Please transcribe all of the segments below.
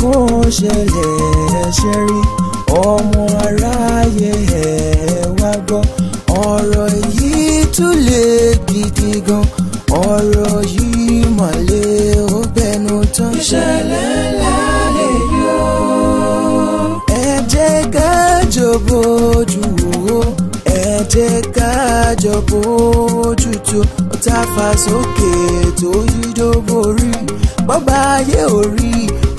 kó ṣẹlẹ̀ ẹ̀ṣẹ̀ rí ọmọ aráyé ẹ̀ wá gbọ́ ọ̀rọ̀ yìí tún lè gidi gan ọ̀rọ̀ yìí mà lè ó bẹnu tán. ìṣẹ̀lẹ̀ ńlá lè yọ. ẹ jẹ́ ká jọ̀bọ̀ ojú wo ẹ jẹ́ ká jọ̀bọ̀ ojú tó tá a fà sókè tó yí dó borí bọ́ba ayé orí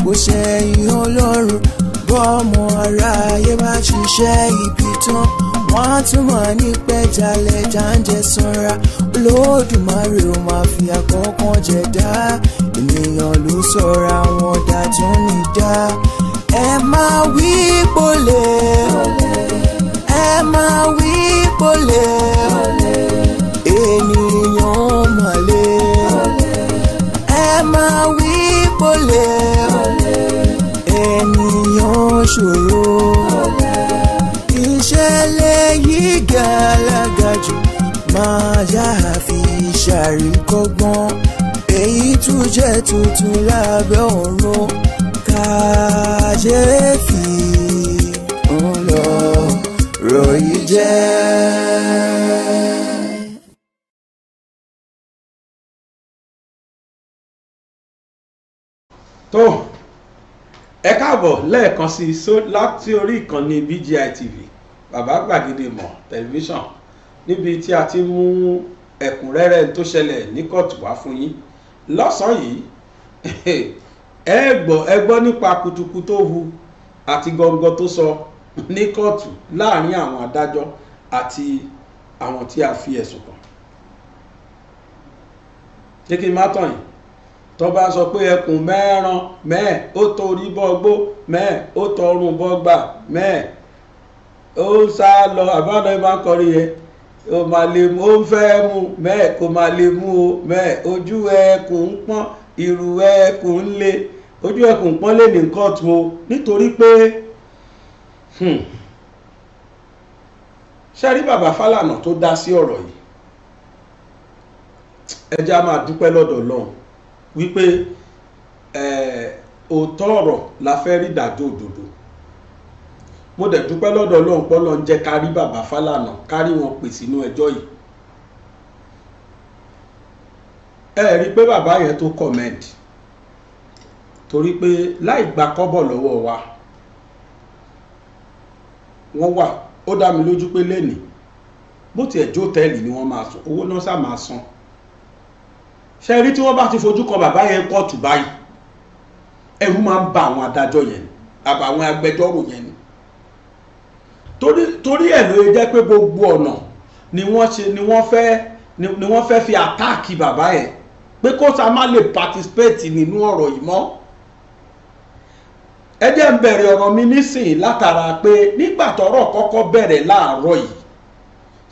kò ṣẹ̀yìn ọlọ́run bọ́ọ̀mù ara ayé bá ṣiṣẹ́ ibi tán wọ́n á tún mọ̀ ní pẹ́jálẹ̀ jáǹjẹ́ sanra olódùmarè ó máa fi àkọ́kàn jẹ dá ènìyàn ló sọ̀ra wọn dá tún ní dá ẹ máa wí pọ̀lẹ́ ẹ máa wí pọ̀lẹ́. ṣàríkọ́gbọ́n èyí tún jẹ́ tuntun lábẹ́ ọ̀run kàyéfì ńlọrọ̀ yìí jẹ́. tó ẹ káàbọ̀ lẹ́ẹ̀kan sí láti orí ìkànnì BGI TV bàbá gbàgede mọ̀ tẹlifíṣàn níbi tí a ti mú ẹ̀kúnrẹ́rẹ́ tó ṣẹlẹ̀ ní kóòtù wá fún yín lọ́sàn-án yìí ẹ gbọ́ ẹ gbọ́ nípa kutuku tó hu àti gọngọ tó sọ ní kóòtù láàrin àwọn adájọ́ àti àwọn tí a fi ẹ̀sùn kàn kíkí má tàn yìí tó bá sọ pé ẹkùn mẹ́ẹ̀rán mẹ́ẹ̀ ó torí bọ́gbó mẹ́ẹ̀ ó tọrùn bọ́gbà mẹ́ẹ̀ ó sá lọ àbáwọn ẹ̀ kọrí yẹn o máa lè mú ó fẹ́ mú mẹ́ẹ̀ kó máa lè mú o mẹ́ẹ̀ ojú ẹkùn ń pọ́n ìrù ẹkùn ń le ojú ẹkùn ń pọ́n lè ní nǹkan o nítorí pé hmm, ṣe rí bàbá Fálànà tó dá sí ọ̀rọ̀ yìí ẹ jẹ́ á máa dúpẹ́ lọ́dọ̀ Ọlọ́run wípé òótọ́ ọ̀rọ̀ la fẹ́ rí ìdájọ́ òdodo mo dẹ̀ dúpẹ́ lọ́dọ̀ ọlọ́run pọ́lọ́ ń jẹ́ kárí bàbá Fálànà kárí wọn pè sínú ẹjọ́ yìí ẹ rí i pé bàbá yẹn tó comment torí pé láì gba kọ́bọ̀ lọ́wọ́ wa wọ́n wà ó dá mi lójú pé lénìí bó tiẹ̀ jó tẹ́ẹ̀lì ni wọ́n máa san owó náà sá máa san ṣe rí tí wọ́n bá ti fojú kan bàbá yẹn kóòtù báyìí ẹ̀rù máa ń ba àwọn adájọ́ yẹn àbàwọn agbẹjọ́rò yẹn ni torí torí ẹ̀ ló jẹ́ pé gbogbo ọ̀nà ni wọ́n ṣe ni wọ́n fẹ́ ni wọ́n fẹ́ fi àtáàkì bàbá ẹ̀ pé kó sa má lè participate nínú ọ̀rọ̀ yìí mọ́ ẹ jẹ́ ń bẹ̀rẹ̀ ọ̀rọ̀ mi nísìnyí látara pé nígbà tọ́rọ̀ kọ́kọ́ bẹ̀rẹ̀ láàárọ̀ yìí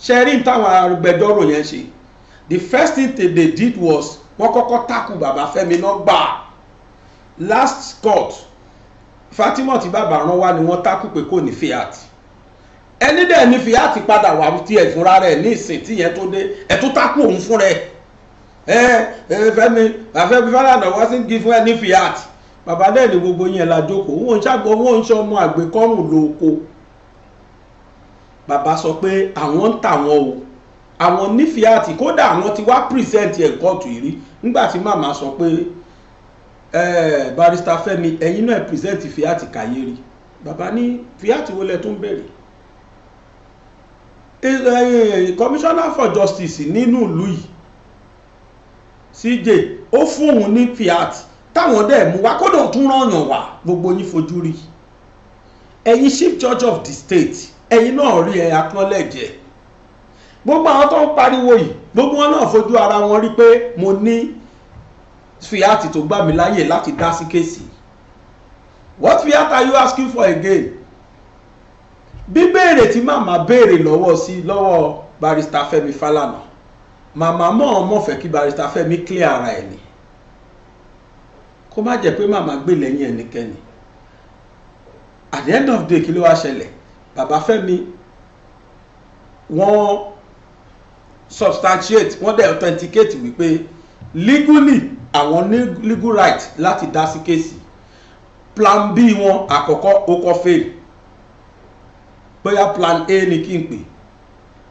ṣe rí táwọn agbẹjọ́rò yẹn ṣe the first thing they did was wọ́n kọ́kọ́ takù bàbá Fẹ́mi náà gbà last court Fatima tí bàbá rán wá ni wọ́n takù pé kò ní fiat ẹni dẹ̀ ní fìyà ti padà wà tí ẹ̀ fúnra rẹ̀ ní ìsìn tí yẹn tó dé ẹ̀ tó tákù òun fún rẹ̀ ẹ ẹ Fẹ́mi àfẹbí Fálànà wá sí gí fún ẹ ní fìyà tì bàbá dẹ̀ ní gbogbo yẹn la jókòó wọn ṣàgbọ́ wọn ṣe ọmọ àgbékọ́rùn lóko bàbá sọ pé àwọn ń tà wọn o àwọn ní fìyà kódà àwọn ti wá pírìsẹ́ǹtì ẹ̀ kóòtù yìí rí nígbà tí màmá sọ pé Eh, barista Fẹ́mi ẹ̀yin náà present fiat kàyéri bàbá ní fiat wo lẹ tó ń bẹ̀rẹ̀ Eh, commissioner for justice nínú ìlú yìí CJ ó fún òun ní fiat táwọn dẹ̀ mú wá kódà tún rányàn wá gbogbo yín fojú rí ẹ̀yin chief judge of the state ẹ̀yin náà rí ẹ̀ acknowledge ẹ̀ gbogbo àwọn tó ń pariwo yìí gbogbo wọn náà fojú ara wọn rí pé mo ní fiat tó gbà mí láyè láti dá sí kéèsì what fiat are you asking for again? bíbéèrè tí màmá béèrè lọ́wọ́ sí lọ́wọ́ barista Fẹ́mi Fálànà màmá mọ̀ọ́mọ̀ fẹ́ kí barista Fẹ́mi clear ara ẹ̀ ni kó má jẹ́ pé màmá gbé lẹ́yìn ẹnikẹ́ni at the end of the day kí ló wá ṣẹlẹ̀ bàbá Fẹ́mi wọ́n substantiate wọ́n dẹ̀ authenticate wípé legally àwọn ní legal right láti dá sí kéèsì plan b wọn àkọ́kọ́ ó kọ́ fail bóyá plan a ni kí n pè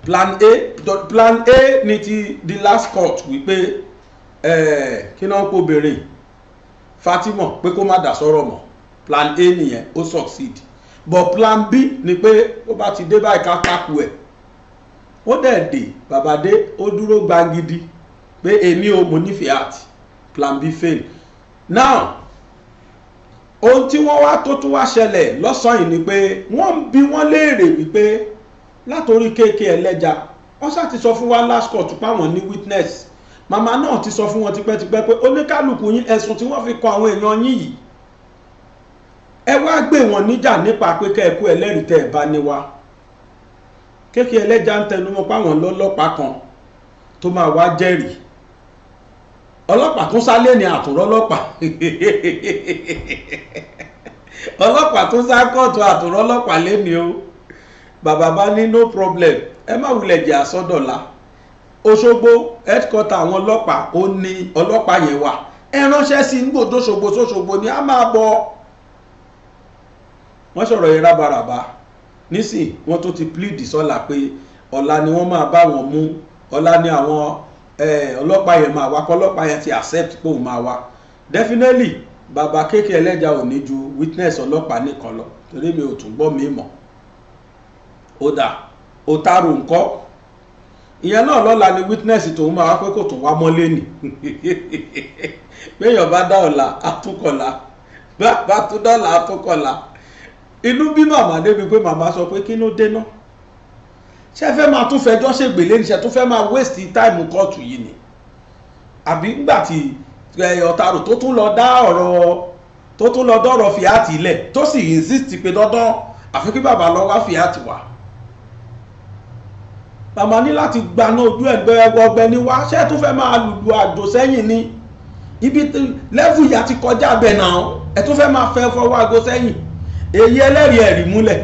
plan a plan a ni ti the last court wípé eh, kí náà kó obìnrin Fatima pé kó má dà sọ́rọ̀ mọ́ plan a nìyẹn ó succeed but plan b ni pé ó bá ti dé báyìí ká kápú ẹ̀ ó dẹ̀ dé bàbáde ó dúró gbangidi pé èmi ò mọ̀ nífẹ̀ẹ́ àti plan b fail now ohun tí wọ́n wá tó tún wá ṣẹlẹ̀ lọ́sàn-án yìí ni pé wọ́n ń bi wọ́n léèrè wípé látòrí kéèké ẹlẹ́ja wọ́n ṣáà ti sọ fún wa last court páwọn ní witness màmá náà ti sọ fún wọn tipẹ́tipẹ́ pé oníkálukú yín ẹ̀sùn tí wọ́n fi kọ àwọn èèyàn yín yìí ẹ wá gbé wọn níjà nípa pé kẹ́ẹ̀kú ẹlẹ́rìí tẹ́ ẹ bá ní wa kéèké ẹlẹ́ja ń tẹnu mọ́ páwọn lọ́lọ́pàá kan tó máa wá jẹ́rìí ọlọ́pàá tún sálé ní àtúrọ́ ọlọ́pàá ọlọ́pàá tún sá kóòtù àtúrọ́ ọlọ́pàá lẹ́ni o bàbá bá ní no problem ẹ má wulẹ̀ jẹ́ àsọdọ̀la Òṣogbo headquarter àwọn ọlọ́pàá ó ní ọlọ́pàá yẹn wà ẹ ránṣẹ́ sí ń gbòdo ṣogbo ṣoṣogbo ni a máa bọ̀ wọ́n sọ̀rọ̀ yẹn rábaràbá nísìn wọ́n tún ti plead sọ́la pé ọ̀la ni wọ́n máa bá wọn mú ọ̀la ni àwọn ọlọ́pàá yẹn máa wá kọ́ yẹn ti accept pé òun máa wá definitely bàbá kéèké ẹlẹ́jà ò ní ju witness ọlọ́pàá nìkan lọ torí mi ò tún gbọ́ mi mọ̀ ó dà ó tààrò ńkọ́ ìyẹn náà lọ́la ni witness tòun máa wá pé kò tún wá mọ́lé nì péyàn bá dá ọ̀la àtúkọ̀la bá bá tún dá ọ̀la àtúkọ̀la inú bí màmá débi pé màmá sọ pé kí ló dé náà ṣé fẹ́ máa tún fẹjọ́ ṣègbè lẹ́nu ṣe tún fẹ́ máa waste time kóòtù yìí ni àbí ńgbà tí ọ̀tàrò tó tún lọ dá ọ̀rọ̀ tó tún lọ dọ́rọ̀ fìyàtì ilẹ̀ tó sì insist pé dandan àfi kí bàbá lọ wá fìyàtì wá bàbá ní láti gbaná ojú ẹgbẹ́ ọgbẹ́ ni wá ṣé tún fẹ́ máa lùlù àjò sẹ́yìn ni ibi lẹ́fù ìyá ti kọjá bẹ̀ náà ẹ̀ tún fẹ́ máa fẹ́ fọwọ́ àgọ́ sẹ́yìn èyí ẹlẹ́rìí ẹ̀rí múlẹ̀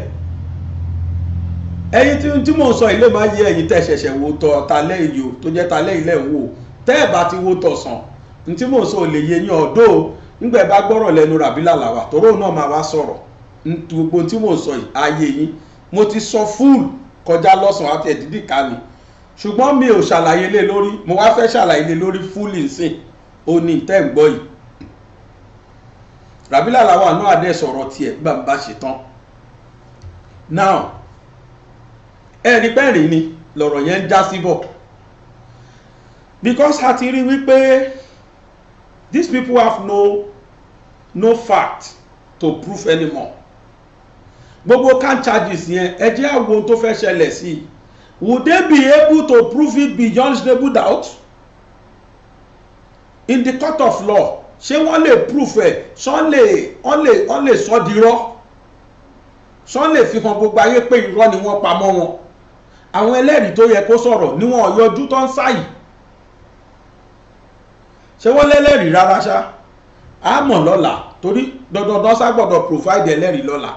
ẹ̀yin tí mò ń sọ ilé máa yẹ ẹ̀yin tẹ́ ṣẹ̀ṣẹ̀ wo tọ talẹ iyo tó jẹ́ talẹ ilẹ ń wò tẹ́ ẹ bá ti wo tọ̀sán ní tí mò ń sọ ò lè yẹ yín ọdọ nígbà ẹ bá gbọ́rọ̀ lẹ́nu Rabiu Lawal tóró náà máa wá sọ̀rọ̀ gbogbo tí mò ń sọ yìí ayé yín mo ti sọ fúùlù kọjá lọ́sàn-án àti ẹ̀dídì ká mi ṣùgbọ́n mi ò ṣàlàyé lé lórí mo wá fẹ́ ṣàlàyé lé lórí fúùlù nsìn ó ní tẹ́ ń gbọ́ yìí Rabiu Lawal náà adé sọ̀rọ̀ tiẹ̀ gbàǹbà ṣetán now ẹni pẹ́rin ni lọ̀rọ̀ yẹn ń já sí bọ̀ because a ti rí wípé these people have no no fact to prove anymore gbogbo can charges yẹn ẹ jẹ́ àwọn ohun tó fẹ́ ṣẹlẹ̀ sí i would they be able to prove it beyond reasonable doubt in the court of law ṣé wọ́n lè prove ẹ̀ ṣán lè wọ́n lè wọ́n lè sọ di irọ́ ṣán lè fi hàn gbogbo ayé pé irọ́ ni wọ́n pamọ́ wọn àwọn ẹlẹ́rìí tó yẹ kó sọ̀rọ̀ níwọ̀n yọjú tó ń sáyì ṣé wọ́n lẹ́lẹ́rìí rárá ṣá a mọ̀ lọ́la torí dandandan sá gbọ́dọ̀ provide ẹlẹ́rìí lọ́la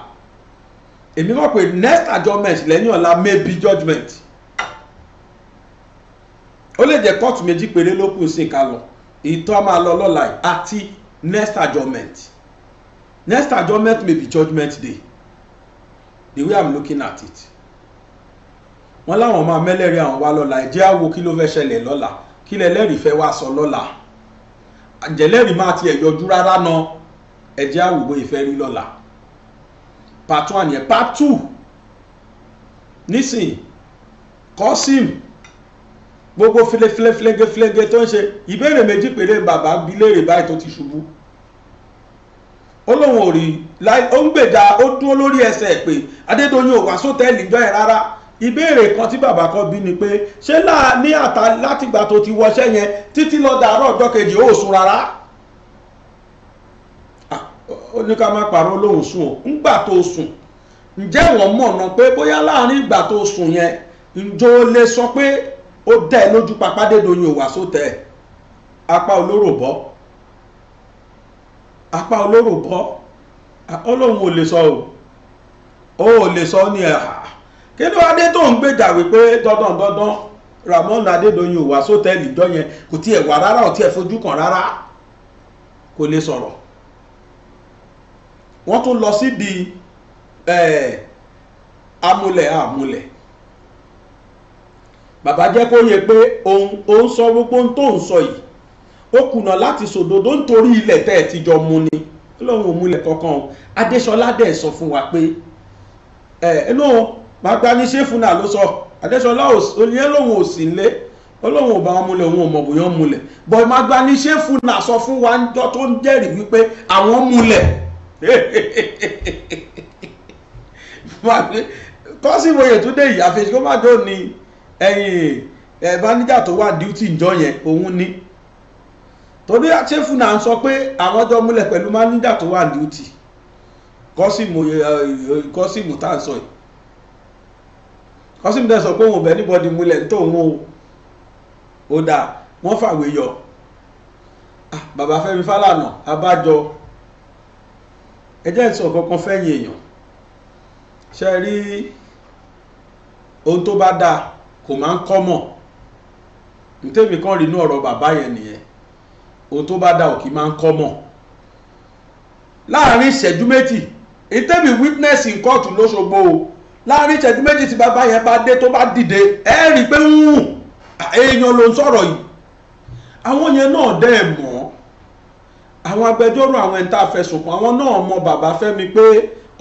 èmi mọ̀ pé next adjournment lẹ́yìn ọ̀la may be judgement ó lè jẹ́ kóòtù méjì péré ló kù sí ká lọ ìtọ́ máa lọ lọ́la àti next adjournment next adjournment may be judgement day the way i'm looking at it wọ́n láwọn máa mẹ́lẹ́rìí àwọn wá lọ́la ẹ jẹ́ á wo kí ló fẹ́ ṣẹlẹ̀ lọ́la kí lẹ́lẹ́rìí fẹ́ wá sọ lọ́la àjẹlẹ́rìí máa tiẹ̀ yọjú rárá náà ẹ jẹ́ á wò bó ìfẹ́ rí lọ́la part one yẹn part two nísìn Kọ́sìm gbogbo filẹfilẹfilẹgẹfilẹgẹ tó ń ṣe ìbéèrè méjì péré bàbá bí léèrè báyìí tó ti ṣubú ó lóun ò rí ó ń gbèjà ó dúró lórí ẹsẹ̀ pé Adédoyin ò wá sótẹ́ẹ̀lì jọ́ ẹ̀ rárá ìbéèrè kan tí bàbá kan bí ni pé ṣé ní àtà látìgbà tó ti wọṣẹ́ yẹn títí lọ dàárọ̀ ọjọ́ kejì ó sùn rárá ah, ó ní ká má pàrọ̀ lóhùn sùn o ńgbà tó sùn ǹjẹ́ wọ́n mọ̀nà pé bóyá láàrin ìgbà tó sùn yẹn ǹjọ́ lè sọ pé ó dẹ̀ lójú papádédoyin òwà sótẹ̀ apá olóró bọ́ apá olóró bọ́ ah, ọlọ́run ò lè sọ o ò lè sọ ní ẹ̀hà ah, kí ló adé tó ń gbèjà wípé dandan dandan Ramon Adédoyin ò wá sótẹ́ẹ̀lì jọ yẹn kò tiẹ̀ wá rárá ò tiẹ̀ fojú kan rárá kò lè sọ̀rọ̀ wọ́n tún lọ sídìí amúlẹ̀ amúlẹ̀ bàbá jẹ́ kó yẹ pé òun sọ gbogbo ohun tó ń sọ yìí ó kùnà láti sòdodo nítorí ilẹ̀ tẹ́ ẹ̀ ti jọ mu ni lóun ò múlẹ̀ kankan Adéṣọlá dẹ̀ sọ fún wa pé ẹ lóun bàbá ní ṣéfúnà ló sọ adéṣọlá oníyẹn lòun ò sí lé olóhùn ọba wọn múlẹ̀ òun ọmọ bòyán múlẹ̀ bọ̀ ẹ̀ máa gba ní ṣéfúnà sọ fún wa ńjọ́ tó ń jẹ́rìí wípé àwọn múlẹ̀ kọ́sìmù Oyètúndé ìyàfẹ́sí kó má dé òní ẹ̀yìn ẹ̀ máníjà tó wà díútì ńjọ́ yẹn òun ní torí ṣéfúnà ń sọ pé àwọn jọ múlẹ̀ pẹ̀lú máníjà tó wà díútì kọ́sìmù tá à ń sọ yìí ọsibítà sọ pé òun ọbẹ níbọdì múlẹ̀ ní tóun o ó dà wọ́n fàwé yọ bàbá Fẹ́mi Fálànà abájọ ẹ jẹ́ ìsọ kankan fẹ̀yìn èèyàn ṣe rí ohun tó bá dáa kò máa ń kọ́ mọ̀ ntẹ́mi kan rí inú ọ̀rọ̀ bàbá yẹn nìyẹn ohun tó bá dáa ò kì í máa ń kọ́ mọ̀ láàrin ìṣẹ́jú méjì ntẹ́mi witness in court lóṣogbo o láàrin ìṣẹ́jú méjì tí bàbá yẹn bá dé tó bá dìde ẹ rí i pé ń wù èèyàn ló ń sọ̀rọ̀ yìí àwọn yẹn náà dẹ́ ẹ̀ mọ́ àwọn agbẹjọ́rò àwọn ẹni tá a fẹ̀sùn kàn àwọn náà mọ bàbá fẹ́mi pé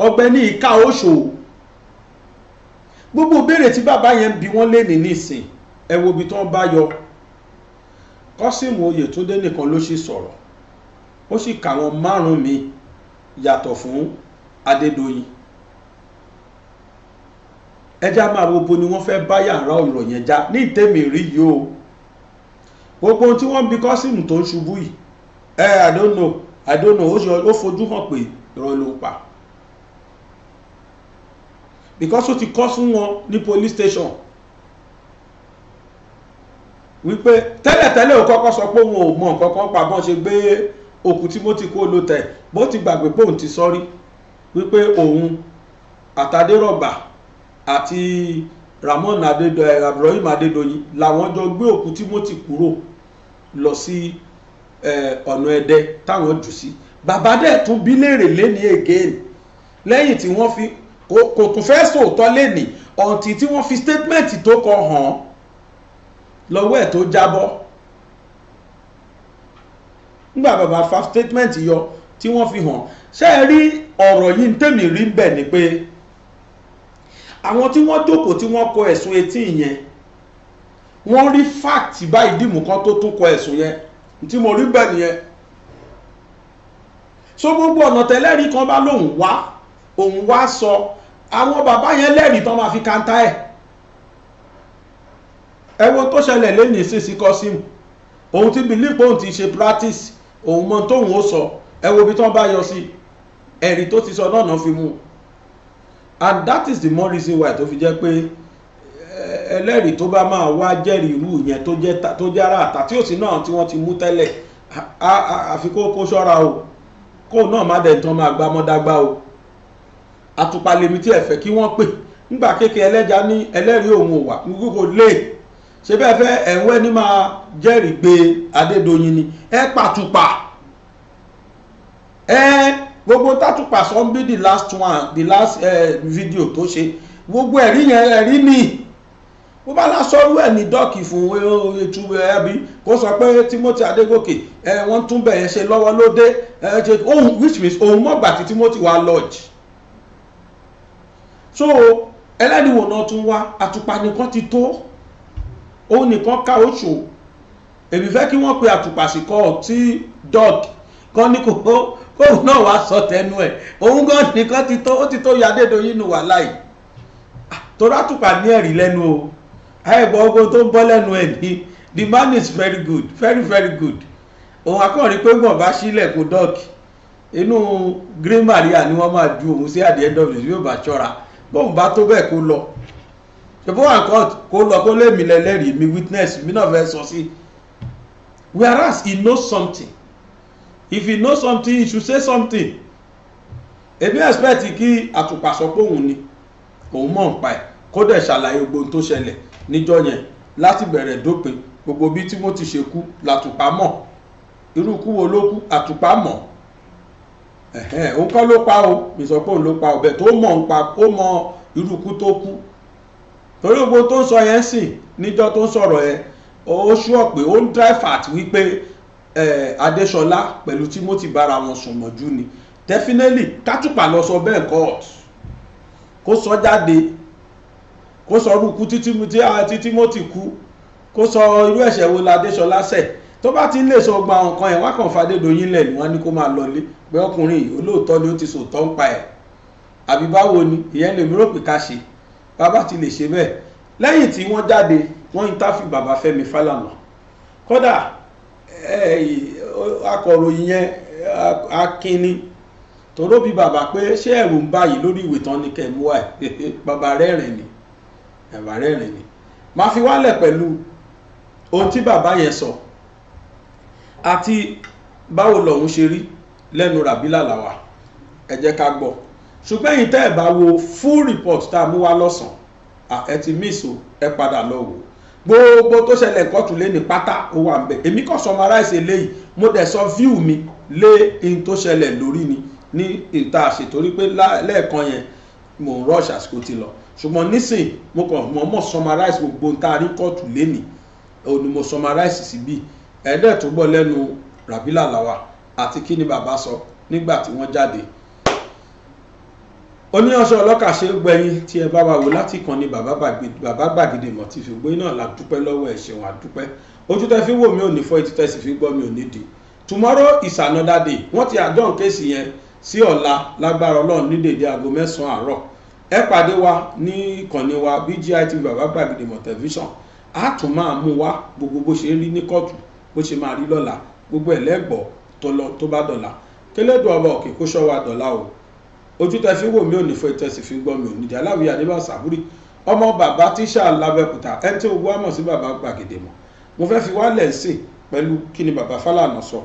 ọ̀gbẹ́ni ìka oṣù gbogbo béèrè tí bàbá yẹn bí wọ́n lé ní nísìn ẹ wo ibi tí wọ́n bá yọ kọ́sìmù oyètúndé nìkan ló sì sọ̀rọ̀ ó sì kà wọ́n márùn-ún mi yàtọ̀ fún adédọ́yìn ẹja máa wo bo ni wọ́n fẹ́ bá yàrá ọ̀rọ̀ yẹn já ní ìtẹ́mi rí yìí o gbogbo ohun tí wọ́n ń bi kọ́sìmù tó ń ṣubú yìí ẹ i don't know i don't know ó fojú hàn pé irọ́ ló pa because ó ti kọ́ fún wọn ní police station wípé tẹ́lẹ̀tẹ́lẹ̀ ò kọ́kọ́ sọ pé òun ò mọ nǹkan kan pa bọ́n ṣe gbé òkú Timothy kó ló tẹ̀ bó ti gbàgbé pé òun ti sọ́rí wípé òun àtàdérọ̀gbà àti Ramon Adédoyin eh, Ibrahim Adédoyin làwọn jọ gbé òkú Timothy kúrò lọ sí eh, ọ̀nà Ẹdẹ táwọn jù sí bàbá dẹ̀ tún bí léèrè lẹ́ni again lẹ́yìn tí wọ́n fi kò tún fẹ́ sòótọ́ lẹ́ni ọ̀ǹtì tí wọ́n fi statement tó kọ hàn lọ́wọ́ ẹ̀ tó jábọ́ nígbà bàbá fa statement yọ tí wọ́n fi hàn ṣe é rí ọ̀rọ̀ yìí ń tèmi rí ń ni pé àwọn tí wọ́n jókòó tí wọ́n kọ ẹ̀sùn etí yẹn wọ́n rí fáàtì báyìí dìmú kan tó tún kọ ẹ̀sùn yẹn tí mo rí bẹ́ẹ̀ nìyẹn so gbogbo ọ̀nà tẹ́lẹ́rìí kan bá lóun wá òun wá sọ àwọn bàbá yẹn lẹ́rìí tán máa fi kanta ẹ̀ ẹ wo tó ṣẹlẹ̀ lẹ́nìí sí sí kọ́símù òun ti believe pé òun ti ṣe practice òun mọ tóun ó sọ ẹ wo ibi tán bá yọ sí ẹ̀rí tó ti sọ náà náà fi mú un and that is the more reason why To fi jẹ́ pé eh, ẹlẹ́rìí tó bá máa wá jẹ́rìí irú yẹn tó jẹ́ ara àtà tí ò sí náà tí wọ́n ti mú tẹ́lẹ̀ àfi kó kó ṣọ́ra o kó náà má dẹ̀ tán máa gbá mọ́dágbá o àtùpà lèmi tí ẹ fẹ́ kí wọ́n pè nígbà kéèké ẹlẹ́ja ní ẹlẹ́rìí òun ò wà gbogbo lè ṣe bẹ́ẹ̀ fẹ́ ẹ̀wẹ́ ní máa jẹ́rìí gbé Adédoyin ni ẹ pàtùpà ẹ. Eh, gbogbo tátùpà sọ́nbí the last one the last uh, video tó ṣe gbogbo ẹ̀rí yẹn ẹ̀rí ni bó bá lásọrú ẹ̀ ní dọ́ọ̀kì fún ètò eh, ẹbí eh, kó sọ pé Timothy Adegoke ẹ wọ́n tún bẹ̀yẹn ṣe lọ́wọ́ lóde ẹ ṣe ohun which means ohun mọ̀gbà tí Timothy wá lodge so ẹlẹ́dìwò náà tún wá àtùpà nìkan ti tó òun nìkan ká oṣù èmi fẹ́ kí wọ́n pe àtùpà sí kọ́ tí dọ́ọ̀kì kan ní kò kóun náà wàá sọ tẹnu ẹ̀ òun gan nìkan ti tó ó ti tó yọ Adédoyin nù wà láì ah, torá tùpà ní ẹ̀rí lẹ́nu o ẹ̀gbọ́n ogun tó ń bọ́ lẹ́nu ẹ̀ ní the man is very good very very good òun akọrin pé gbọ̀n bá sílẹ̀ kó dọ́ọ̀kì inú green maria ni wọ́n máa ju òun sí at the end of the day yóò bá ṣọ́ra bóun bá tó bẹ́ẹ̀ kó lọ ṣùgbọ́n wọn kọ́ kó lọ kó lé mi lẹ́lẹ́rìí mi witness mi náà fẹ́ sọ sí whereas he knows something if he know something he should say something èmi expect kí àtùpà sọ pé òun ni òun mọ̀ ń pa ẹ̀ kó dẹ̀ ṣàlàyé gbogbo ohun tó ṣẹlẹ̀ níjọ́ yẹn láti bẹ̀rẹ̀ dópin gbogbo bí Timothy ṣe kú làtùpà mọ̀ irú ikú wo ló kú àtùpà mọ̀ òun kọ́ ló pa o mi sọ pé òun ló pa o bẹ́ẹ̀ tó mọ̀ ń pa ó mọ irú ikú tó kú torí gbogbo tó ń sọ yẹn sìn níjọ́ tó ń sọ̀rọ̀ yẹn ó ṣúọ̀ pé ó ń drive at wípé Adéṣọlá pẹ̀lú Timothy bára wọn sùn mọ́jú ni definitely kátùpà lọ sọ bẹ́ẹ̀ court kó sọ jáde kó sọ orúkú ah, tí Timothy kú kó sọ irú ẹ̀ṣẹ̀ wo la Adéṣọlá ṣẹ̀ tó bá ti lè sọ gba nǹkan ẹ̀ wá kàn fàdédoyin lẹ̀ ni wọ́n ní kó máa lọlé pé ọkùnrin yìí olóòótọ́ ni ó ti sòótọ́ ń pa ẹ̀ àbí báwo ni ìyẹn lèmi rò pé ká ṣe bàbá ti lè ṣe bẹ́ẹ̀ lẹ́yìn tí wọ́n jáde wọ́n ń táfi bàbá Fẹ́mi Fálànà kódà akọ̀ròyìn yẹn akínni tòró bí bàbá pé ṣé ẹ̀rù ń báyìí lórí ìwé tán ní kẹ́mú wà bàbá rẹ́rìn ni bàbá rẹ́rìn ni máa fi wálẹ̀ pẹ̀lú ohun tí bàbá yẹn sọ àti báwo lòun ṣe rí lẹ́nu ràbílà làwà ẹ jẹ́ ká gbọ́ ṣùgbọ́n ẹ̀yin tẹ́ ẹ̀ bá wo full report tá a mú wá lọ́sàn-án ẹ ti miss o ẹ padà lọ wò ó gbogbo tó ṣẹlẹ̀ kọ́tù lé ní pátá ó wà ń bẹ̀ èmi kàn summarize eléyìí mo dẹ̀ sọ view mi lé in tó ṣẹlẹ̀ lórí ni ní ìta àṣetorí pé lẹ́ẹ̀kan yẹn mo rush àsìkò ti lọ ṣùgbọ́n nísìn mo kàn mọ̀ mọ̀ summarize gbogbo ń tá a rí kọ́tù lé ní òun ni mo summarize síbí ẹ̀ẹ́dẹ̀ tó gbọ́ lẹ́nu Rabila Lawal àti kí ni bàbá sọ nígbà tí wọ́n jáde oníyanṣẹ́ ọlọ́kà ṣe é gbẹ̀yìn tí ẹ bá wa wò láti kàn ní bàbá gbàgede mọ̀ ti fi gbóyìn náà la dúpẹ́ lọ́wọ́ ẹ̀ ṣeun àdúpẹ́ ojú tẹ́ fi wò mí ò ní fọ́ etí tẹ́ sì fi gbọ́ mi ò ní di tomorrow is another day wọ́n ti àjọ nkéèsì yẹn sí ọ̀la lágbára ọlọ́run ní dèdè aago mẹ́sàn-án àárọ̀ ẹ pàdé wa ní ìkànnì wa BGI TV bàbá gbàgede mọ̀ tẹlifíṣàn á tún máa mú wa gbogbo bó ṣe rí ní kóòtù bó ṣe máa rí lọ́la gbogbo ẹ̀lẹ́gbọ̀ọ́ tó bá dọ̀la kélédùn ọba òkè kó ṣọ́ wa dọ̀la o ojú tẹ fi wò mí ò ní fọ ìtẹ̀sí fi gbọ́ mi ò ní jàláwí àdébà sàbúrì ọmọ bàbá tíṣà làbẹ́kúta ẹni tí gbogbo àmọ̀ sí bàbá gbàgede mọ̀ mo fẹ́ fi wálẹ̀ sí pẹ̀lú kí ni bàbá fálànà sọ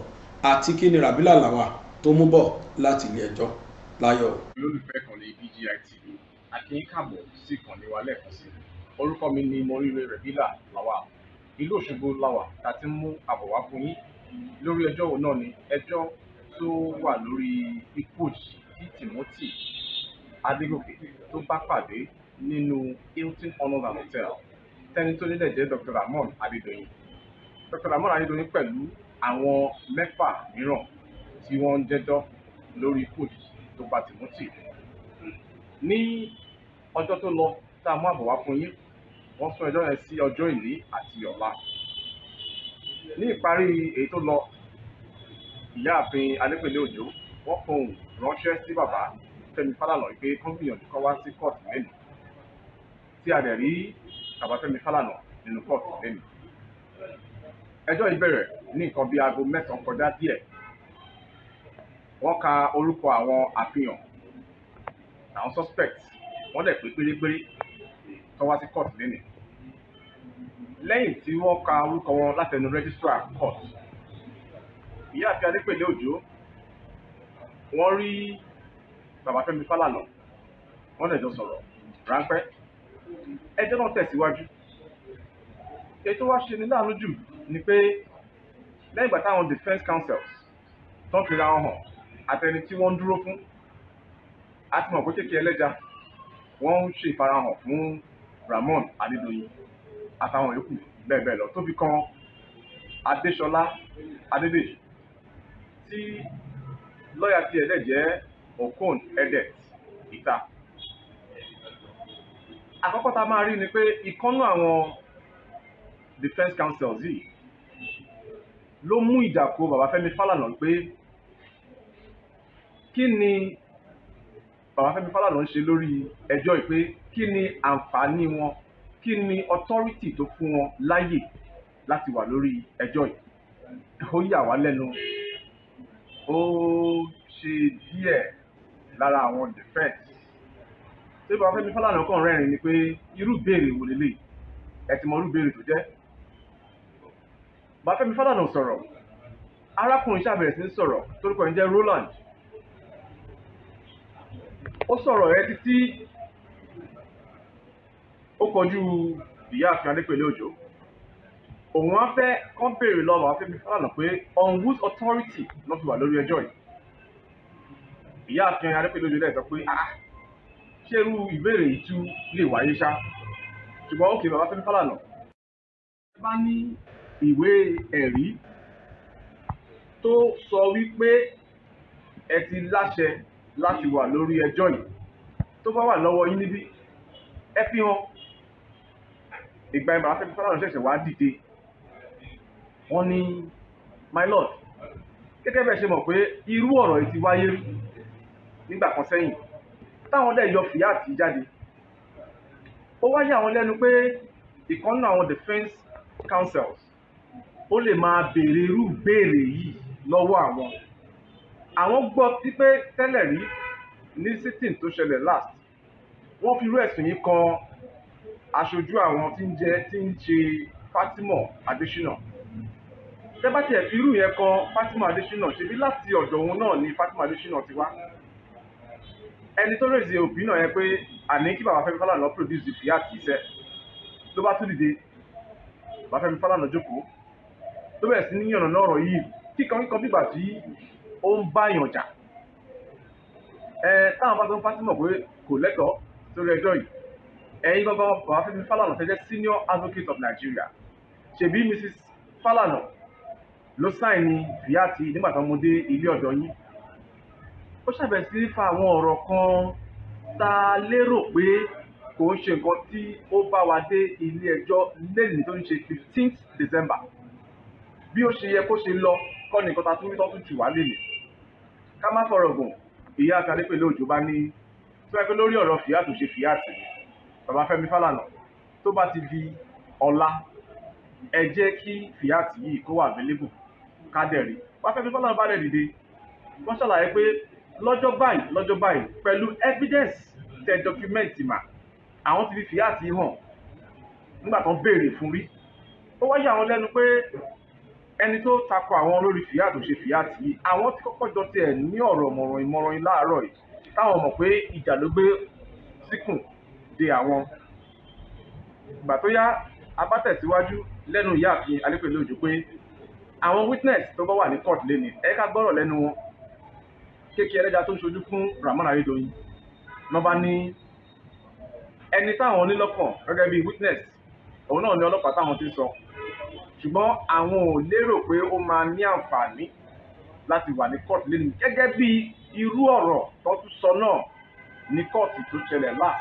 àti kí ni rabilah làwà tó mú bọ̀ láti ilé ẹjọ́ láyọ̀. olólùfẹ́ kan lè BGI TV akínkàbọ̀ sí ìkànnì wa lẹ́ẹ̀kan sí orúkọ mi ni moríire rabilah làwà ìlú òṣogbo làwà tá a ti mú àbọ̀ wá fún yín lórí ẹjọ́ òun náà ni ẹjọ́ tó wà lórí ikú òjijì Timothy Adégòkè tó bá pàdé nínú Hilton Honors and Hotel tẹ́ni tó nílẹ̀ jẹ́ Dr. Ramon Adédoyin Dr. Ramon Adédoyin pẹ̀lú àwọn mẹ́fà mìíràn tí wọ́n ń jẹ́jọ́ lórí ikú òjijì tó bá Timothy ní ọjọ́ tó lọ tá a mú àbọ̀ wá fún yín wọ́n sún ẹjọ́ yẹn sí ọjọ́ ìní àti ọ̀la ní ìparí èyí tó lọ ìyáàfin Adépèlé Òjó wọ́n fohùn ránṣẹ́ sí bàbá Fẹ́mi Fálànà pé kán gbìyànjú kán wá sí kóòtù lẹ́nu tí a dẹ̀ rí bàbá Fẹ́mi Fálànà nínú kóòtù lẹ́nu ẹjọ́ yìí bẹ̀rẹ̀ ní nǹkan bíi aago mẹ́sàn-án kọjá díẹ̀ wọ́n ka orúkọ àwọn àfihàn àwọn suspect wọ́n dẹ̀ pé pérépéré tó wá sí court lẹ́nìí lẹ́yìn tí wọ́n ka orúkọ wọn látẹnu registrar court ìyá àti adépèlé òjò wọ́n rí bàbá Fẹ́mi Fálànà wọ́n dẹ̀ jọ sọ̀rọ̀ ráńpẹ́ ẹjọ́ náà tẹ̀síwájú ètò wa ṣe ní láàánú jù ni pé lẹ́yìn ìgbà táwọn defence councils tán fi ra wọn hàn àtẹni tí wọ́n ń dúró fún a ti mọ̀ pé kékeré ẹlẹ́ja wọ́n ń ṣe ìfarahàn fún Ramon Adédoyin àtàwọn yòókù bẹ́ẹ̀ bẹ́ẹ̀ lọ tó fi kan Adéṣọlá Adédèjì tí lọ́ọ̀yà tiẹ̀ dẹ̀ jẹ́ Okon Edet Ita àkọ́kọ́ tá a máa rí ni pé ìkọ́nú àwọn defence councils yìí ló mú ìdàkọ bàbá Fẹ́mi Fálànà pé kí ni bàbá Fẹ́mi Fálànà ń ṣe lórí ẹjọ́ yìí kí ni àǹfààní wọn kí ni authority tó fún wọn láàyè láti wà lórí ẹjọ́ yìí ó yà wá lẹ́nu ó ṣe díẹ̀ lára àwọn defense tí bàbá Fẹ́mi Fálànà kàn rẹ́rìn ni pé irú ìbéèrè wo lélẹ̀ ẹ ti mọ irú ìbéèrè tó jẹ́ bàbá Fẹ́mi Fálànà sọ̀rọ̀ arákùnrin ṣàbẹ̀rẹ̀ sí sọ̀rọ̀ torúkọ ẹ̀ ń jẹ́ Roland ó sọ̀rọ̀ ẹ títí ó kọjú ìyá àfihàn nípele òjò òun á fẹ́ kán béèrè lọ́wọ́ Fẹ́mi Fálànà pé on whose authority ló fi wà lórí ẹjọ́ yìí ìyáàfin Adépẹ́lẹ́ Oyèdélé sọ pé ah ṣerú ìbéèrè yìí tún lè wáyé ṣá ṣùgbọ́n òkè bàbá Fẹ́mi Fálànà ẹ bá ní ìwé ẹ̀rí tó sọ wípé ẹ ti láṣẹ láti wà lórí ẹjọ́ yìí tó bá wà lọ́wọ́ yín níbí ẹ fi hàn ìgbà yẹn Fẹ́mi Fálànà ṣẹ̀ṣẹ̀ wá dìde wọ́n ní my lord gẹ́gẹ́ bẹ́ẹ̀ ṣe mọ̀ pé irú ọ̀rọ̀ yìí ti wáyé rí nígbà kan sẹ́yìn táwọn dẹ̀ yọ fìyàtì jáde ó wáyé àwọn lẹ́nu pé ìkan àwọn defence councils ó lè máa béèrè irú béèrè yìí lọ́wọ́ àwọn àwọn gbọ́ pípé tẹ́lẹ̀ rí ní sitting tó ṣẹlẹ̀ last wọ́n fi irú ẹ̀sùn yìí kan aṣojú àwọn tí ń jẹ́ tí ń ṣe Fatima Adesina tẹ́bátì ẹ̀ fi irú yẹn kan Fatima Adésínà ṣebí láti ọ̀dọ̀ òun náà ni Fatima Adésínà ti wá ẹni tó rèézi òbí náà yẹn pé àní kí bàbá Fẹ́mi Fálànà produce ìfìyà àtìsẹ́ ló bá tún dìde bàbá Fẹ́mi Fálànà jókòó ló bẹ̀rẹ̀ sí ní yànnà náà ọ̀rọ̀ yìí kíkan kíkan bígbà tí ó ń bá yàn jà ẹ táwọn bá tó ń Fatima pé kò lẹ́tọ̀ọ́ sórí ẹjọ́ yìí ẹ̀yin gbọ́ngàn bàbá Fẹ́mi Fálànà tẹ́jẹ́ senior advocate of Nigeria ṣebí Mrs Fálànà ló sáì ní fìyàtì nígbà tó mo dé ilé ọ̀dọ̀ yín ó ṣàbẹ̀ sí fa àwọn ọ̀rọ̀ kan tá a lérò pé kò ń ṣe nǹkan tí ó bá wa dé ilé ẹjọ́ lẹ́yìn tó ń ṣe fifteenth december bí ó ṣe yẹ kó ṣe lọ kọ́ nìkan ta tún rí tọ́tún jù wá lélẹ̀ ká má fọ̀rọ̀ gùn ìyá àtàlẹ́pẹ̀lẹ́ òjò bá ní tí wọ́n pẹ́ lórí ọ̀rọ̀ fìyàtò ṣe fìyàtì bàbá Fẹ́mi Fálànà tó bá ti di ọ̀la ẹ jẹ́ kí fìyàtì yìí kó wà available ká dẹ̀ rí wá fẹ́ fi fọ́lọ́ bá rẹ̀ dìde wọ́n ṣàlàyé pé lọ́jọ́ báyìí lọ́jọ́ báyìí pẹ̀lú evidence tẹ dọ́kúmẹ́ǹtì mà àwọn ti fi fìyà àti hàn nígbà tó ń béèrè fún rí ó wá yà wọ́n lẹ́nu pé ẹni tó takò àwọn lórí fìyà tó ṣe fìyà tì í àwọn ti kọ́kọ́ jọ tiẹ̀ ní ọ̀rọ̀ mọ̀ràn ìmọ̀ràn yìí láàárọ̀ yìí táwọn mọ̀ pé ìjà ló gbé síkùn de àwọn ìgbà tó yá abátẹ̀síwájú lẹ́nu ìyá àfihàn alẹ́pẹ̀lẹ́ òjò pé àwọn witness tó bá wà ní court lẹ́ni ẹ ká gbọ́rọ̀ lẹ́nu wọn kékeré ẹlẹ́jà tó ń ṣojú fún Rahmon Ayédoyin ló bá ní ẹni táwọn onílọ́kàn gẹ́gẹ́ bíi witness òun náà ni ọlọ́pàá táwọn ti sọ ṣùgbọ́n àwọn ò lérò pé ó máa ní àǹfààní láti wà ní court lẹ́nu gẹ́gẹ́ bíi irú ọ̀rọ̀ tó tún sọ náà ní court tó ṣẹlẹ̀ last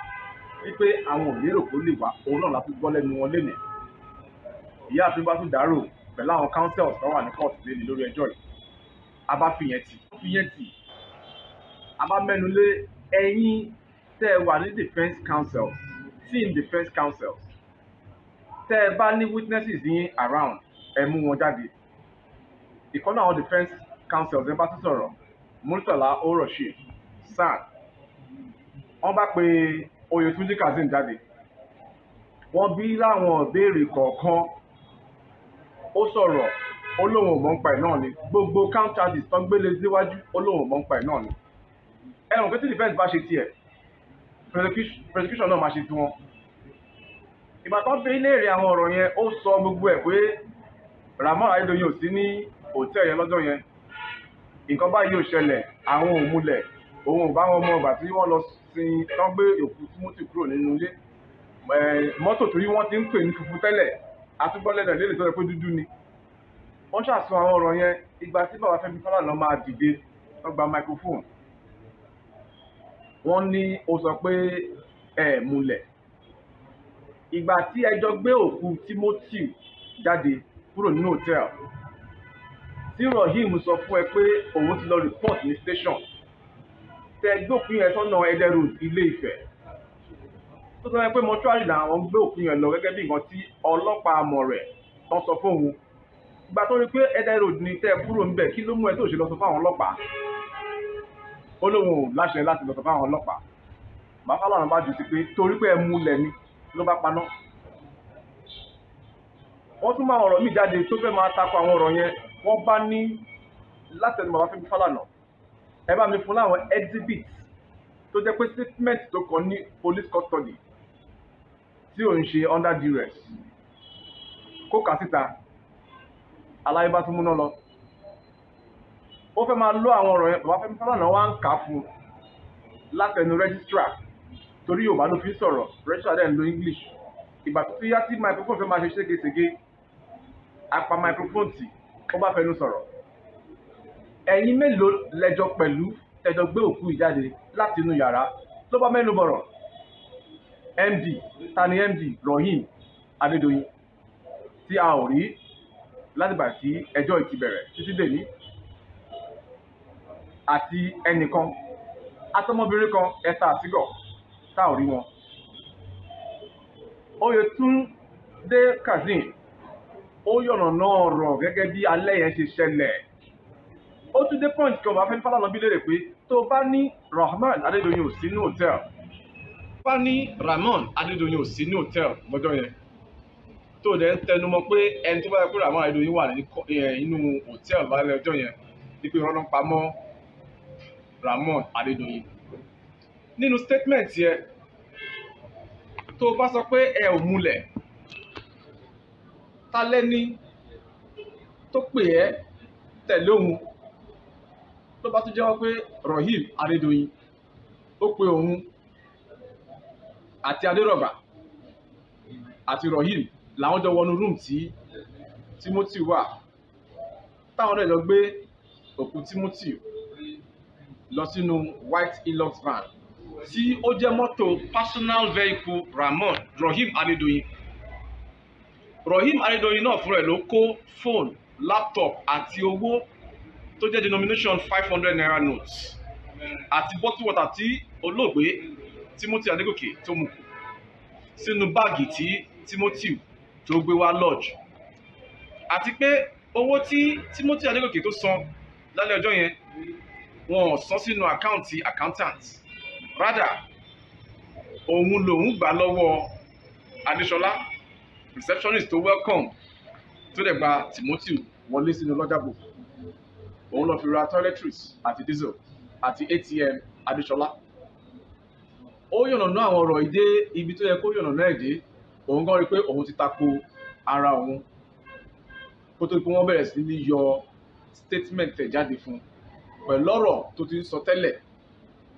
wípé àwọn ò lérò pé ó lè wà òun náà láti gbọ́ lẹ́nu wọn lẹ́nu ìyá àfihàn pẹ̀lú àwọn councils tó wà ní court lé ní lórí ẹjọ́ yìí a bá fi yẹn tì fi yẹn tì a bá mẹ́nu lé ẹ̀yin tẹ́ ẹ wà ní defence council team defence council tẹ́ ẹ bá ní witnesses yín around ẹ mú wọn jáde ìkọ́nà àwọn defence council ẹ bá tún sọ̀rọ̀ Murtala Oroshe san wọ́n bá pe Oyetunji Kazeem jáde wọ́n bí láwọn ìbéèrè kọ̀ọ̀kan ó sọ̀rọ̀ olóhùn ò mọ̀ ń pa ẹ̀ náà ni gbogbo count charges tán gbélé síwájú olóhùn ò mọ̀ ń pa ẹ̀ náà ni ẹ̀rùn pé tí defense bá ṣe tiẹ̀ prosecution náà máa ṣe tiwọn ìgbà tó ń fi léèrè àwọn ọ̀rọ̀ yẹn ó sọ gbogbo ẹ̀ pé Ramon Ayédoyin ò sí ní hòtẹ́ẹ̀lì yẹn lọ́jọ́ yẹn nǹkan báyìí ò ṣẹlẹ̀ àwọn ò múlẹ̀ òun ò bá wọn mọ ọgbà tí wọ́n lọ sin tán gbé òkú Timothy kúrò nínú ilé mọ́tò torí wọ́n ti ń pè ní funfun tẹ́lẹ̀ àtúbọ̀lẹ́dà lè sọ pé dúdú ni wọ́n ṣàṣọ àwọn ọ̀rọ̀ yẹn ìgbà tí bàbá Fẹ́mi Fálànà máa dìde wọ́n gba microphone wọ́n ní ó sọ pé ẹ̀ múlẹ̀ ìgbà tí ẹjọ́ gbé òkú Timothy jáde kúrò nínú hòtẹ́ẹ̀lì tí Rahim sọ fún ẹ pé òun ti lọ report ní station tẹ gbókùn yẹn sọ́nà Ẹdẹ Road Ilé Ifẹ̀ tó sọ pé mọ́ṣúárì làwọn gbé òkú yẹn lọ gẹ́gẹ́ bí nǹkan tí ọlọ́pàá mọ̀ rẹ̀ tán sọ fún òun ìgbà tó rí pé ẹ̀dá road ni tẹ́ ẹ kúrò ń bẹ̀ kí ló mú ẹ tó ṣe lọ sọ fáwọn ọlọ́pàá ó lóun ò láṣẹ láti lọ sọ fáwọn ọlọ́pàá bàbá làwọn bá jù sí pé torí pé ẹ múlẹ̀ ni ló bá paná wọ́n tún máa ọ̀rọ̀ mi jáde tó fẹ́ máa takò àwọn ọ̀rọ̀ yẹn wọ́n bá ní látẹnu bàbá Fẹ́mi Fálànà ẹ bá mi fún láwọn exhibit tó jẹ́ pé statement tó kàn ní police custody tí ò ń ṣe under duress kó kà síta aláyé bá tún múná lọ ó fẹ́ máa lọ àwọn ọ̀rọ̀ yẹn bàbá Fẹ́mi Fálànà wá ń kà á fún un látẹnu rẹ́gísítírà torí Yorùbá ló fi sọ̀rọ̀ rẹ́gísítírà dẹ̀ ń lo English ìgbà tó yá tí microphone fẹ́ máa ṣe ségesège apá microphone tì ó bá fẹnu sọ̀rọ̀ ẹ̀yin mélòó lẹ́jọ́ pẹ̀lú tẹ̀jọ́ gbé òkú ìjáde látinú yàrá ló bá mẹ́nu bọ̀rọ̀ md tani md rohim, adédọyìn tí a ò rí látìgbà tí ẹjọ́ ìtì bẹ̀rẹ̀ títí dèní àti ẹnìkan atọmọbìnrin kan ẹta àtìgọ tá ò rí wọn Oyètúndé kazeem ó yọ̀nà náà rọ̀ gẹ́gẹ́ bí alẹ́ yẹn ṣe ṣẹlẹ̀ ó tún dé point kan wàá fẹ́ fálànà bí léèrè pé tó bá ní rahman adédọyìn ò sínú hòtẹ́ẹ̀lì fani ramon adédoyin ò sí ní hòtẹ́ẹ̀l lọ́jọ́ yẹn tó dẹ̀ ń tẹnumọ́ pé ẹni tó bá yẹ kó ramon adédoyin wà nínú hòtẹ́ẹ̀l lálẹ́ ọjọ́ yẹn ni pé rọ́nà pamọ́ ramon adédoyin nínú statement yẹn tó bá sọ pé ẹ ò múlẹ̀ ta lẹ́ni tó pè ẹ́ tẹ̀lé òun tó bá tún jẹ́wọ́ pé rohim adédoyin ó pe òun àti adérọ̀gbà àti rahim làwọn jọ wọnú rúùmù tí timothy wà táwọn náà lọ gbé òkú timothy lọ sínú white hilux van tí ó jẹ́ mọ́tò personal vehicle ramon rahim adedoyin Rohim adedoyin náà fúnra ẹ̀ ló kó fóònù laptop àti owó tó jẹ́ denomination five hundred naira notes àti bottle water tí olóògbé timothy adégòkè tó mú kù sínú báàgì tí timothy tó gbé wá lodge àti pé owó tí timothy adégòkè tó san lálẹ́ ọjọ́ yẹn wọn ò san sínú àkáǹtì accountant rather òun lòun gbà lọ́wọ́ adéṣọlá receptionist tó welcome tó dẹ̀ gba timothy wọlé sínú lọ́jàbò òun lọ fi ra toiletries àti diesel àti atm adéṣọlá ó yànnàná àwọn ọ̀rọ̀ yìí dé ibi tó yẹ kó yànnàná ẹ̀ dé òun gan rí pé òun ti tako ara òun kó tó pé wọ́n bẹ̀rẹ̀ sí ní yọ statement ẹ̀ jáde fún pẹ̀lú ọ̀rọ̀ tó ti ń sọ tẹ́lẹ̀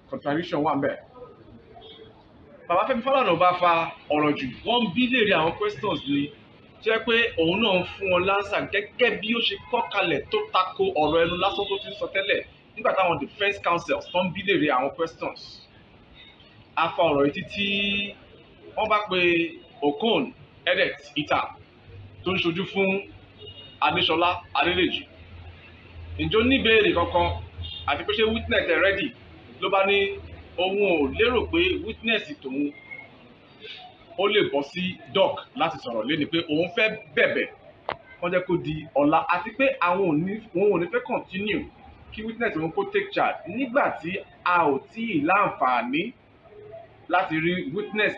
contradiction wà ńbẹ̀. bàbá Fẹ́mi Fálànà bá fa ọ̀rọ̀ jù wọ́n bí léèrè àwọn questions ni jẹ́ pé òun náà ń fún wọn lánsà gẹ́gẹ́ bí ó ṣe kọ́ kalẹ̀ tó tako ọ̀rọ̀ ẹnu lásán tó ti ń sọ tẹ́lẹ̀ nígbà táwọn defence counsel tó ń bí léèrè àwọn questions a fa ọ̀rọ̀ yìí títí wọ́n bá pe Okon Edet Ita tó ń ṣojú fún Adéṣọlá Adélèjì ìjọ níbèrè kankan àti pé ṣé witness ẹ rẹ́dì ló bá ní òun ò lérò pé witness tòun ó lè bọ́ sí doc láti sọ̀rọ̀ lé ni pé òun fẹ́ bẹ̀bẹ̀ wọ́n jẹ́ kó di ọ̀la àti pé àwọn òun ò ní fẹ́ continue kí witness òun kó take charge nígbà tí a ò tíì láǹfààní láti rí witness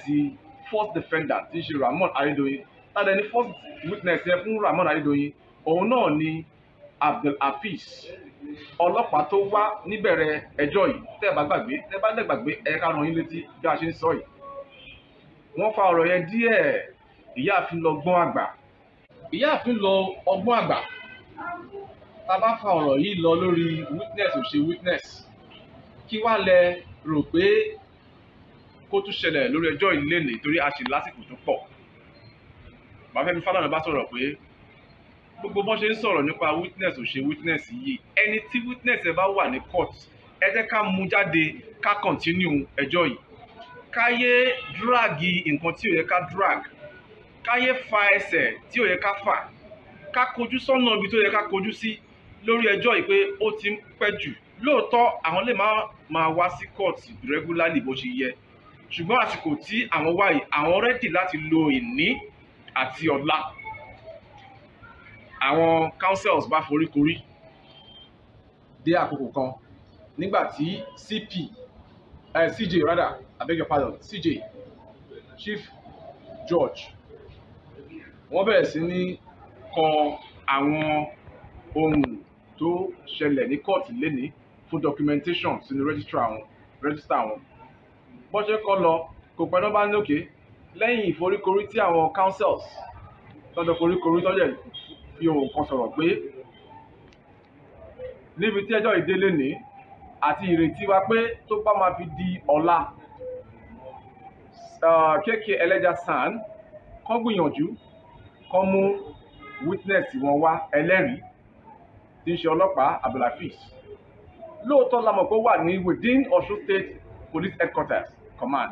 first defender tí í ṣe Rahmon Adédoyin tàdé ní first witness yẹn fún Rahmon Adédoyin òun náà ni Abdulhafiz ọlọ́pàá tó wá níbẹ̀rẹ̀ ẹjọ́ yìí tẹ́ ẹ bá gbàgbé tẹ́ ẹ bá lẹ́ gbàgbé ẹ ká ràn yín létí bí a ṣe ń sọ yìí wọ́n fa ọ̀rọ̀ yẹn díẹ̀ ìyáàfin lọ gbọ́n àgbà ìyáàfin lọ ọgbọ́n àgbà tá a bá fa ọ̀rọ̀ yìí lọ lórí witness ò ṣe witness kí wàá lẹ rò pé kó tún ṣẹlẹ̀ lórí ẹjọ́ ilé nìyí torí a sì lásìkò tó pọ̀ bàfẹ́mi Fálànà bá sọ̀rọ̀ pé gbogbo bọ́n ṣe ń sọ̀rọ̀ nípa witness ò ṣe witness yìí ẹni tí witness ẹ bá wà ní court ẹ jẹ́ ká mú jáde ká continue ẹjọ́ yìí káyé dragi nǹkan tí ò yẹ ká drag káyé fa ẹsẹ̀ tí ò yẹ ká fà ká kojú sọ́nà ibi tó yẹ ká kojú sí lórí ẹjọ́ yìí pé ó ti pẹ́ jù lóòótọ́ àwọn lè má máa wá sí court regularly bó ṣe yẹ ṣùgbọ́n àsìkò tí àwọn wáyé àwọn rẹ́dì láti lo ìní àti ọ̀la àwọn councils bá foríkorí dé àkókò kan nígbà tí cp eh, cj rather i beg your pardon cj chief george wọ́n bẹ̀rẹ̀ sí ní kọ àwọn ohun tó ṣẹlẹ̀ ní kóòtù lẹ́ni fún documentation sínú register wọn bọ́ṣẹ́ kọ́ lọ kò pẹ́ lọ́ba ní òkè lẹ́yìn ìforíkorí tí àwọn councils tọ́jọ́ koríkorí tọ́jọ́ fi ohun kan sọ̀rọ̀ pé níbi tí ẹjọ́ ìdélé ní àti ìrètí wa pé tó bá máa fi di ọ̀la kéèké ẹlẹ́ja sàn kọ́ gbìyànjú kọ́ mú witness wọn wá ẹlẹ́rìí tí ń ṣe ọlọ́pàá abdulhafiz lóòótọ́ la mọ̀ pé ó wà ní within Ọ̀ṣun state police headquarters command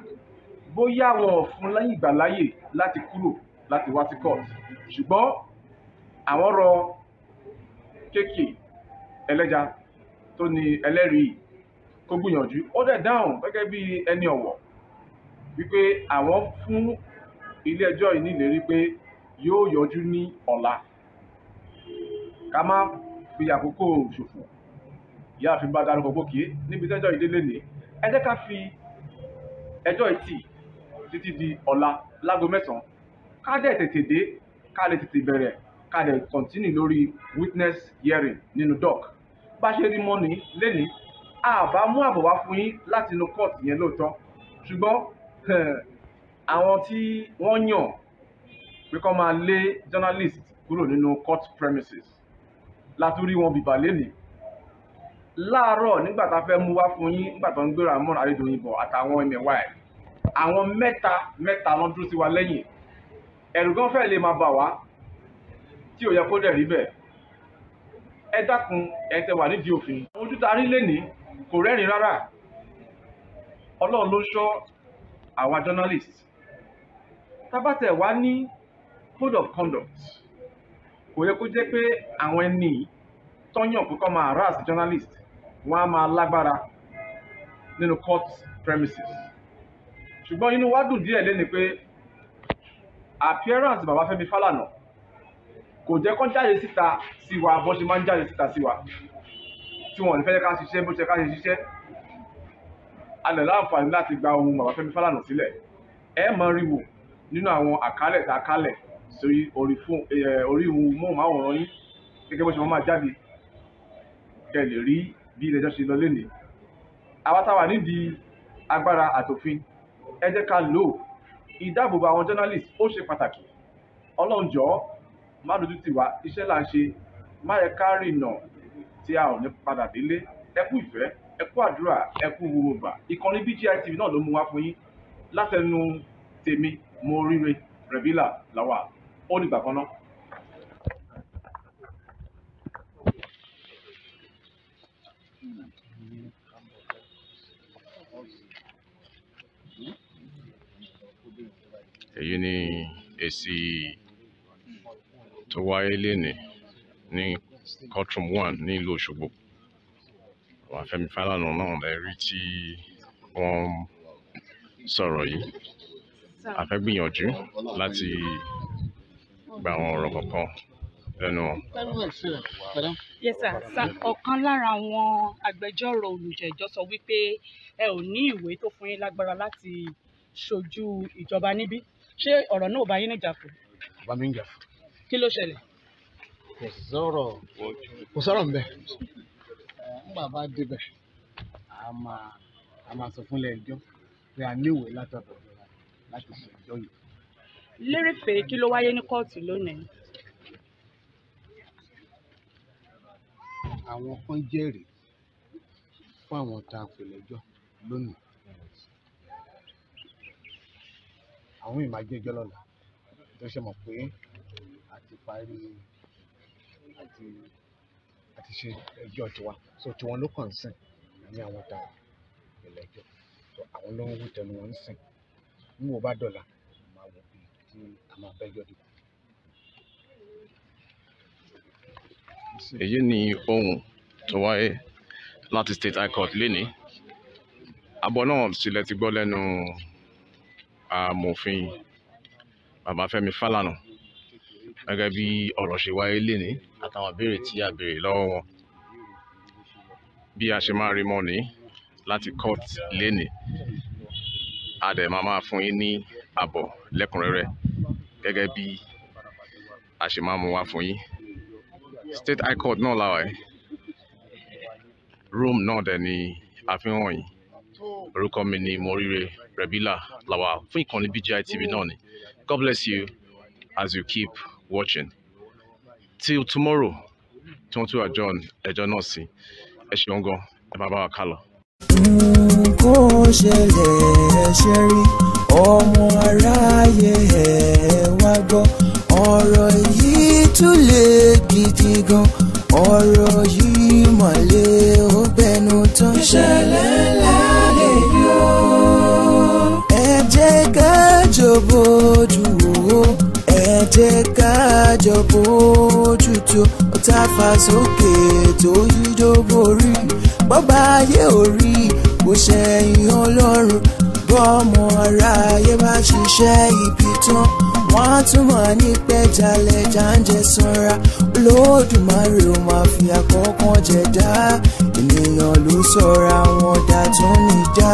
bóyá àwọn ò fún lẹ́yìn ìgbà láàyè láti kúrò láti wá sí court ṣùgbọ́n àwọn rọ kéèkì ẹlẹ́ja tó ní ẹlẹ́rìí kó gbìyànjú ó dẹ̀ dáhùn gẹ́gẹ́ bí ẹni ọ̀wọ̀ wípé àwọn fún ilé ẹjọ́ yìí ní ìlérí pé yóò yọjú ní ọ̀la ká má fi àkókò ṣòfò ìyá àfi bá darúgbó gbòkè níbi tẹ́jọ́ ìdílé ní ẹ jẹ́ ká fi ẹjọ́ ìtì títí di ọ̀la lágo mẹ́sàn-án ká dẹ̀ tètè dé ká lè tètè bẹ̀rẹ̀ ká lè kọ̀ntínì lórí witness hearing nínú doc bá ṣe rí mọ́ni lẹ́ni àbá mú àbọ̀ wá fún yín láti inú court yẹn lóòótọ́ ṣùgbọ́n eh, àwọn tí wọ́n yàn pé kọ́ máa lé journalist kúrò nínú court premises látúrí wọn bìbà lénìí láàárọ̀ nígbà tá a fẹ́ mú wá fún yín nígbà tó ń gbéra mọ́ra Adédoyinbọ̀ àtàwọn ẹ̀mẹ̀wá ẹ̀ àwọn mẹ́ta mẹ́ta ló dúró sí wa lẹ́yìn ẹ̀rù gan fẹ́ lè máa bà wá tí ò yẹ kó dẹ̀ rí bẹ́ẹ̀ ẹ dákun ẹ tẹ wà nídìí òfin àwọn ojú ta rí lénìí kò rẹ́rìn rárá ọlọ́run ló ṣọ́ àwa journalist tábàtẹ̀ wá ní code of conduct kò yẹ kó jẹ́ pé àwọn ẹni tọ́yàn pé kọ́ máa harass journalist wọ́n á máa lágbára nínú court premises ṣùgbọ́n inú wa dùn díẹ̀ lẹ́ni pé appearance bàbá Fẹ́mi Fálànà kò jẹ́ kán jáde síta sí wa bó ṣe máa ń jáde síta sí wa tí wọ́n ní fẹ́ ká ṣiṣẹ́ bó ṣe ká ṣe ṣiṣẹ́ a lè láǹfààní láti gba ohun bàbá Fẹ́mi Fálànà sílẹ̀ ẹ máa rí wò nínú àwọn àkálẹ̀ tá a kálẹ̀ sórí orí fún orí ìhun móhùnmáwòrán yín gẹ́gẹ́ bó ṣe máa jáde kẹ́ lè rí bí ilé ẹjọ́ ṣe lọ lénìí àwa táwa nídìí agbára àtòfin ẹ jẹ́ ká lò ó ìdáàbòbò àwọn journalist ó ṣe pàtàkì ọlọ́run jọ̀ọ́ má dojú tì wá iṣẹ́ là ń ṣe má yẹ ká rìnà tí a ò ní padà délé ẹ kú ìfẹ́ ẹ kú àdúrà ẹ kú gbogbo ìkànnì BGI TV náà ló mú wá fún yín látẹnu tèmi mo ríre Rẹ̀bílà làwà ó nígbà kan náà. èyí ni èsì tó wáyé lénìí ní courtroom one ní ìlú Òṣogbo àwọn Fẹ́mi Fálànà náà lè rí tí wọ́n sọ̀rọ̀ yìí a fẹ́ gbìyànjú láti gba àwọn ọ̀rọ̀ kọ̀ọ̀kan lẹ́nu wọn. yes sir sir ọ̀kan lára àwọn agbẹjọ́rò olùjẹ́jọ́ sọ wípé ẹ ò ní ìwé tó fún yín lágbára láti ṣojú ìjọba níbí ṣé ọ̀rọ̀ náà ò bá yín níjà fún. bá mi ń jà fún. kí ló ṣẹlẹ̀. kò sọ̀rọ̀ kò sọ̀rọ̀ ń bẹ̀ nígbà bá débẹ̀ a máa a máa sọ fúnlẹ̀ ẹjọ́ pé a níwèé látọ̀dọ̀ láti ṣe ẹjọ́ yìí. lérèfé kí ló wáyé ní kóòtù lónìí. àwọn kan jẹ́rìí fún àwọn tá a pè lẹ́jọ́ lónìí. àwọn ìmàjẹjọ lọ́la tó ṣe mọ̀ pé àti parí àti àti ṣe ẹjọ́ tiwa so tiwọn ló kàn sìn ní àwọn ta ilẹ̀ ẹjọ́ so àwọn ló ń wú tẹnu wọn ń sìn ní wo bá dọ̀la màá wò bí tí a máa bẹ́jọ́ dìbò. èyí ni ohun tó wáyé láti state high court lénìí abọ́ náà sílẹ̀ ti gbọ́ lẹ́nu amòfin babafẹ́mi falana gẹ́gẹ́ bí ọ̀rọ̀ ṣe wáyé lénìí àtàwọn ìbéèrè tí a béèrè lọ́wọ́ wọn bí a ṣe máa rí mọ́ ni láti court lénìí a dẹ̀ máa máa fún yín ní àbọ̀ lẹ́kùnrẹ́rẹ́ gẹ́gẹ́ bí a ṣe máa mú wá fún yín state high court náà làwọn ẹ̀ room náà dẹ̀ ni àfihàn yìí orúkọ mi ni Morire Rebila Lawal fún ìkànnì BGI TV náà ni God bless you as you keep watching till tomorrow tí wọ́n tún àjọ ẹjọ́ náà sí ẹ ṣeun gan ẹ máa bá wa kálọ. kó ṣẹlẹ̀ ẹ̀ṣẹ̀ rí ọmọ aráyé ẹ̀ wá gbọ́ ọ̀rọ̀ yìí tún lè gidi gan ọ̀rọ̀ yìí mọ̀lẹ́ ó bẹnu tán ṣe. bójú wò ẹ jẹ́ ká jọ bójú tó ọ̀tá fà sókè tó yíjó borí bọ́ba ayé orí kò ṣẹ̀yìn ọlọ́run bọ́mọ aráyé bá ṣiṣẹ́ ibi tán wọ́n á túmọ̀ ní pẹ́jalẹ̀ jáǹjẹ́ sanra olódùmarè ó máa fi àkọ́kàn jẹ̀dá ènìyàn ló sọra wọn dá tún níjà.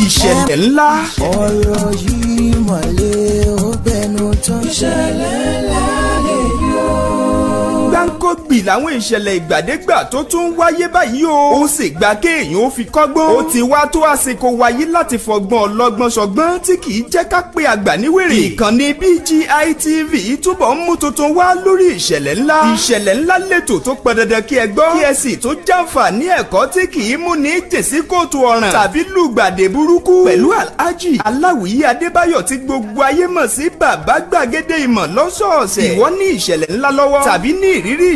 ìṣẹ̀lẹ̀ ńlá. ọ̀rọ̀ yìí mọ̀lẹ́ ó bẹnu tán. ìṣẹ̀lẹ̀ ńlá lè yọ gbì láwọn ìṣẹ̀lẹ̀ ìgbàdégbà tó tún ń wáyé báyìí o. ó sì gba kéèyàn ó fi kọ́gbọ́n. ó ti wá tó àsìkò wáyé láti fọgbọ́n ọlọ́gbọ́n ṣọgbọ́n tí kì í jẹ́ ká pé àgbà níwèrè. ìkànnì BGI TV túbọ̀ ń mú tuntun wá lórí ìṣẹ̀lẹ̀ ńlá. ìṣẹ̀lẹ̀ ńlá lètò tó pọn dandan kí ẹ gbọ́. kí ẹ sì tún jàǹfààní ẹ̀kọ́ tí kì í mú ní tèsí kóòtù ọ̀ràn. tàbí lùgbàdé burúkú. pẹ̀lú alhaji aláwìyí adébáyọ̀ tí gbogbo ayé mọ̀ sí bàbá gbàgede ìmọ̀ lọ́sọ̀ọ̀sẹ̀. ìwọ ní ìṣẹ̀lẹ̀ ńlá lọ́wọ́. tàbí ní ìrírí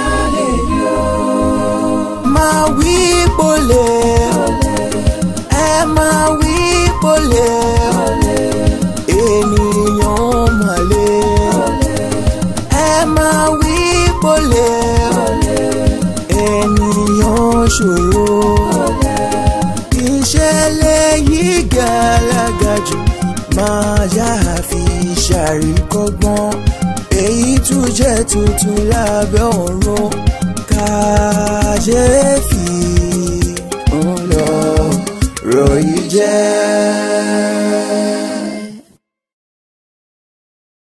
máa wí pọ̀lẹ́ ẹ máa wí pọ̀lẹ́ ènìyàn mà le ẹ máa wí pọ̀lẹ́ ènìyàn ṣòro ìṣẹ̀lẹ̀ yìí gàlágà jù máa yá àfi ṣàríkọ́gbọ́n èyí tún jẹ́ tuntun lábẹ́ ọ̀run kábíyèsí ńlọrọ̀ yìí jẹ́.